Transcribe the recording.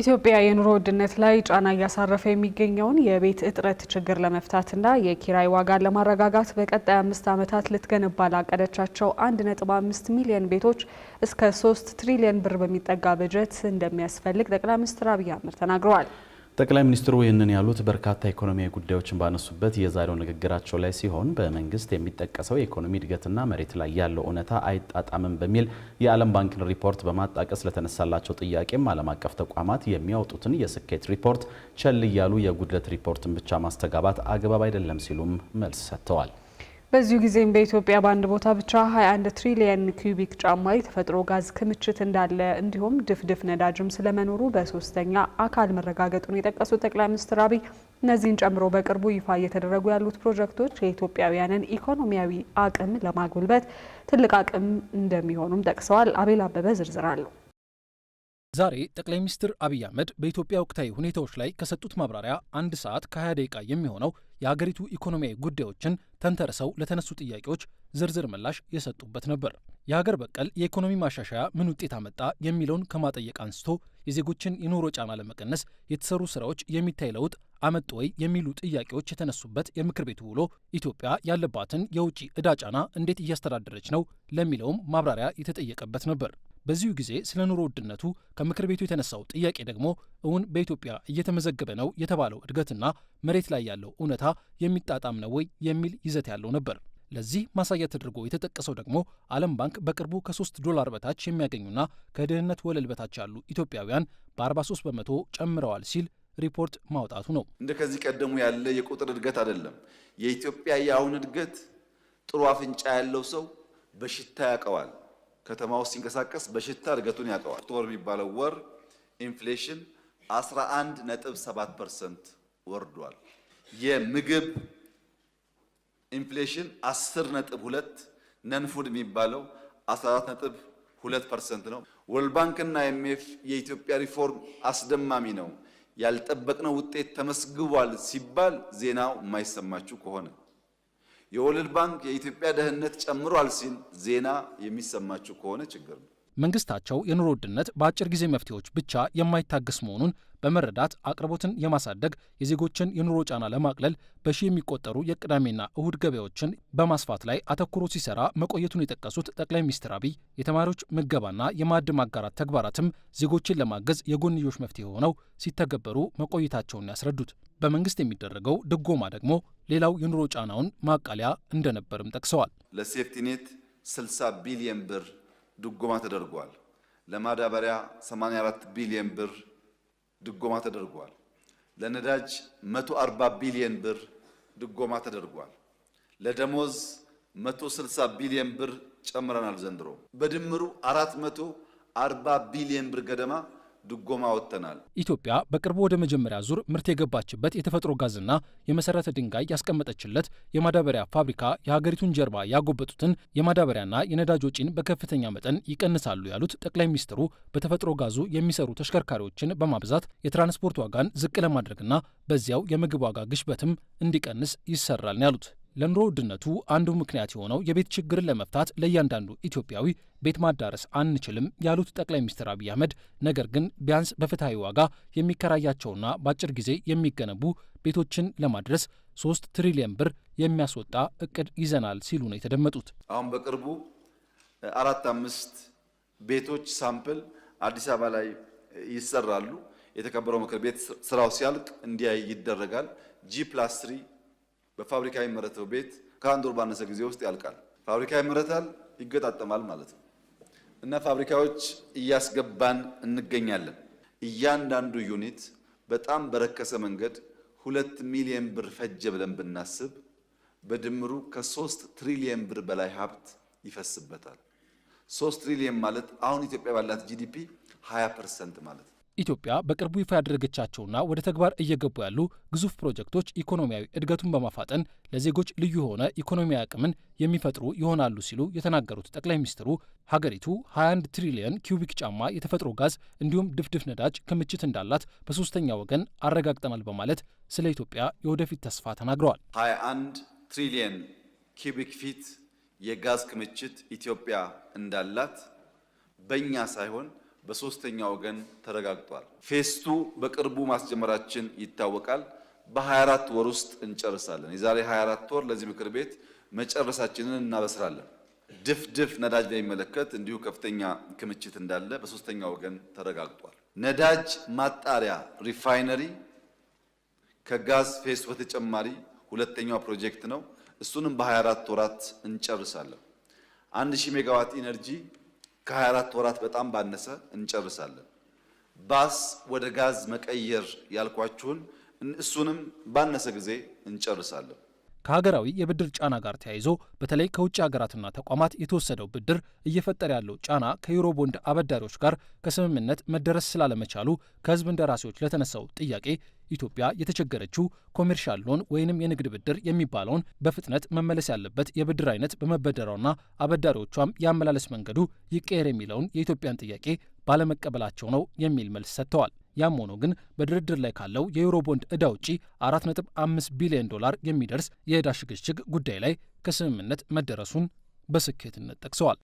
ኢትዮጵያ የኑሮ ውድነት ላይ ጫና እያሳረፈ የሚገኘውን የቤት እጥረት ችግር ለመፍታትና የኪራይ ዋጋን ለማረጋጋት በቀጣይ አምስት ዓመታት ልትገነባ ላቀደቻቸው 1.5 ሚሊዮን ቤቶች እስከ 3 ትሪሊዮን ብር በሚጠጋ በጀት እንደሚያስፈልግ ጠቅላይ ሚኒስትር አብይ አህመድ ተናግረዋል። ጠቅላይ ሚኒስትሩ ይህንን ያሉት በርካታ ኢኮኖሚያዊ ጉዳዮችን ባነሱበት የዛሬው ንግግራቸው ላይ ሲሆን በመንግስት የሚጠቀሰው የኢኮኖሚ እድገትና መሬት ላይ ያለው እውነታ አይጣጣምም በሚል የዓለም ባንክን ሪፖርት በማጣቀስ ለተነሳላቸው ጥያቄም ዓለም አቀፍ ተቋማት የሚያወጡትን የስኬት ሪፖርት ቸል እያሉ የጉድለት ሪፖርትን ብቻ ማስተጋባት አግባብ አይደለም ሲሉም መልስ ሰጥተዋል። በዚሁ ጊዜም በኢትዮጵያ በአንድ ቦታ ብቻ 21 ትሪሊየን ኪዩቢክ ጫማ የተፈጥሮ ጋዝ ክምችት እንዳለ እንዲሁም ድፍድፍ ነዳጅም ስለመኖሩ በሶስተኛ አካል መረጋገጡን የጠቀሱት ጠቅላይ ሚኒስትር አብይ እነዚህን ጨምሮ በቅርቡ ይፋ እየተደረጉ ያሉት ፕሮጀክቶች የኢትዮጵያውያንን ኢኮኖሚያዊ አቅም ለማጉልበት ትልቅ አቅም እንደሚሆኑም ጠቅሰዋል። አቤል አበበ ዝርዝር አለው። ዛሬ ጠቅላይ ሚኒስትር አብይ አህመድ በኢትዮጵያ ወቅታዊ ሁኔታዎች ላይ ከሰጡት ማብራሪያ አንድ ሰዓት ከ20 ደቂቃ የሚሆነው የአገሪቱ ኢኮኖሚያዊ ጉዳዮችን ተንተርሰው ለተነሱ ጥያቄዎች ዝርዝር ምላሽ የሰጡበት ነበር። የሀገር በቀል የኢኮኖሚ ማሻሻያ ምን ውጤት አመጣ የሚለውን ከማጠየቅ አንስቶ የዜጎችን የኑሮ ጫና ለመቀነስ የተሰሩ ስራዎች የሚታይ ለውጥ አመጡ ወይ የሚሉ ጥያቄዎች የተነሱበት የምክር ቤቱ ውሎ ኢትዮጵያ ያለባትን የውጭ ዕዳ ጫና እንዴት እያስተዳደረች ነው ለሚለውም ማብራሪያ የተጠየቀበት ነበር። በዚሁ ጊዜ ስለ ኑሮ ውድነቱ ከምክር ቤቱ የተነሳው ጥያቄ ደግሞ እውን በኢትዮጵያ እየተመዘገበ ነው የተባለው እድገትና መሬት ላይ ያለው እውነታ የሚጣጣም ነው ወይ የሚል ይዘት ያለው ነበር። ለዚህ ማሳያ ተደርጎ የተጠቀሰው ደግሞ ዓለም ባንክ በቅርቡ ከ3 ዶላር በታች የሚያገኙና ከድህነት ወለል በታች ያሉ ኢትዮጵያውያን በ43 በመቶ ጨምረዋል ሲል ሪፖርት ማውጣቱ ነው። እንደ ከዚህ ቀደሙ ያለ የቁጥር እድገት አይደለም። የኢትዮጵያ የአሁን እድገት ጥሩ አፍንጫ ያለው ሰው በሽታ ያውቀዋል። ከተማ ውስጥ ሲንቀሳቀስ በሽታ እድገቱን ያውቀዋል። ኦክቶበር የሚባለው ወር ኢንፍሌሽን 11.7% ወርዷል። የምግብ ኢንፍሌሽን 10.2፣ ነንፉድ የሚባለው 14.2% ነው። ወርልድ ባንክና አይኤምኤፍ የኢትዮጵያ ሪፎርም አስደማሚ ነው፣ ያልጠበቅነው ውጤት ተመስግቧል ሲባል ዜናው የማይሰማችሁ ከሆነ የወርልድ ባንክ የኢትዮጵያ ደህንነት ጨምሯል ሲል ዜና የሚሰማችሁ ከሆነ ችግር ነው። መንግስታቸው የኑሮ ውድነት በአጭር ጊዜ መፍትሄዎች ብቻ የማይታገስ መሆኑን በመረዳት አቅርቦትን የማሳደግ የዜጎችን የኑሮ ጫና ለማቅለል በሺ የሚቆጠሩ የቅዳሜና እሁድ ገበያዎችን በማስፋት ላይ አተኩሮ ሲሰራ መቆየቱን የጠቀሱት ጠቅላይ ሚኒስትር አብይ የተማሪዎች ምገባና የማዕድ ማጋራት ተግባራትም ዜጎችን ለማገዝ የጎንዮሽ መፍትሄ ሆነው ሲተገበሩ መቆየታቸውን ያስረዱት፣ በመንግስት የሚደረገው ድጎማ ደግሞ ሌላው የኑሮ ጫናውን ማቃለያ እንደነበርም ጠቅሰዋል። ለሴፍቲኔት 60 ቢሊየን ብር ድጎማ ተደርጓል። ለማዳበሪያ 84 ቢሊዮን ብር ድጎማ ተደርጓል። ለነዳጅ 140 ቢሊዮን ብር ድጎማ ተደርጓል። ለደሞዝ 160 ቢሊዮን ብር ጨምረናል ዘንድሮ። በድምሩ 440 ቢሊዮን ብር ገደማ ድጎማ ወጥተናል። ኢትዮጵያ በቅርቡ ወደ መጀመሪያ ዙር ምርት የገባችበት የተፈጥሮ ጋዝና የመሰረተ ድንጋይ ያስቀመጠችለት የማዳበሪያ ፋብሪካ የሀገሪቱን ጀርባ ያጎበጡትን የማዳበሪያና የነዳጅ ወጪን በከፍተኛ መጠን ይቀንሳሉ ያሉት ጠቅላይ ሚኒስትሩ በተፈጥሮ ጋዙ የሚሰሩ ተሽከርካሪዎችን በማብዛት የትራንስፖርት ዋጋን ዝቅ ለማድረግና በዚያው የምግብ ዋጋ ግሽበትም እንዲቀንስ ይሰራል ነው ያሉት። ለኑሮ ውድነቱ አንዱ ምክንያት የሆነው የቤት ችግርን ለመፍታት ለእያንዳንዱ ኢትዮጵያዊ ቤት ማዳረስ አንችልም ያሉት ጠቅላይ ሚኒስትር አብይ አህመድ፣ ነገር ግን ቢያንስ በፍትሐዊ ዋጋ የሚከራያቸውና በአጭር ጊዜ የሚገነቡ ቤቶችን ለማድረስ ሶስት ትሪሊየን ብር የሚያስወጣ እቅድ ይዘናል ሲሉ ነው የተደመጡት። አሁን በቅርቡ አራት አምስት ቤቶች ሳምፕል አዲስ አበባ ላይ ይሰራሉ። የተከበረው ምክር ቤት ስራው ሲያልቅ እንዲያይ ይደረጋል። ጂ ፕላስ በፋብሪካ የሚመረተው ቤት ከአንድ ወር ባነሰ ጊዜ ውስጥ ያልቃል። ፋብሪካ ይመረታል፣ ይገጣጠማል ማለት ነው እና ፋብሪካዎች እያስገባን እንገኛለን። እያንዳንዱ ዩኒት በጣም በረከሰ መንገድ ሁለት ሚሊየን ብር ፈጀ ብለን ብናስብ በድምሩ ከሶስት ትሪሊየን ብር በላይ ሀብት ይፈስበታል። ሶስት ትሪሊየን ማለት አሁን ኢትዮጵያ ባላት ጂዲፒ 20 ፐርሰንት ማለት ነው። ኢትዮጵያ በቅርቡ ይፋ ያደረገቻቸውና ወደ ተግባር እየገቡ ያሉ ግዙፍ ፕሮጀክቶች ኢኮኖሚያዊ እድገቱን በማፋጠን ለዜጎች ልዩ የሆነ ኢኮኖሚያዊ አቅምን የሚፈጥሩ ይሆናሉ ሲሉ የተናገሩት ጠቅላይ ሚኒስትሩ ሀገሪቱ 21 ትሪሊየን ኪዩቢክ ጫማ የተፈጥሮ ጋዝ እንዲሁም ድፍድፍ ነዳጅ ክምችት እንዳላት በሶስተኛ ወገን አረጋግጠናል በማለት ስለ ኢትዮጵያ የወደፊት ተስፋ ተናግረዋል። 21 ትሪሊየን ኪዩቢክ ፊት የጋዝ ክምችት ኢትዮጵያ እንዳላት በእኛ ሳይሆን በሶስተኛ ወገን ተረጋግጧል። ፌስቱ በቅርቡ ማስጀመራችን ይታወቃል። በ24 ወር ውስጥ እንጨርሳለን። የዛሬ 24 ወር ለዚህ ምክር ቤት መጨረሳችንን እናበስራለን። ድፍድፍ ነዳጅ በሚመለከት እንዲሁ ከፍተኛ ክምችት እንዳለ በሶስተኛ ወገን ተረጋግጧል። ነዳጅ ማጣሪያ ሪፋይነሪ ከጋዝ ፌስ በተጨማሪ ሁለተኛው ፕሮጀክት ነው። እሱንም በ24 ወራት እንጨርሳለን። 1000 ሜጋዋት ኢነርጂ ከ24 ወራት በጣም ባነሰ እንጨርሳለን። ባስ ወደ ጋዝ መቀየር ያልኳችሁን እሱንም ባነሰ ጊዜ እንጨርሳለን። ከሀገራዊ የብድር ጫና ጋር ተያይዞ በተለይ ከውጭ ሀገራትና ተቋማት የተወሰደው ብድር እየፈጠረ ያለው ጫና ከዩሮ ቦንድ አበዳሪዎች ጋር ከስምምነት መደረስ ስላለመቻሉ ከህዝብ እንደራሴዎች ለተነሳው ጥያቄ ኢትዮጵያ የተቸገረችው ኮሜርሻል ሎን ወይንም የንግድ ብድር የሚባለውን በፍጥነት መመለስ ያለበት የብድር አይነት በመበደሯና አበዳሪዎቿም የአመላለስ መንገዱ ይቀየር የሚለውን የኢትዮጵያን ጥያቄ ባለመቀበላቸው ነው የሚል መልስ ሰጥተዋል። ያም ሆኖ ግን በድርድር ላይ ካለው የዩሮቦንድ ዕዳ ውጪ 4.5 ቢሊዮን ዶላር የሚደርስ የዕዳ ሽግሽግ ጉዳይ ላይ ከስምምነት መደረሱን በስኬትነት ጠቅሰዋል።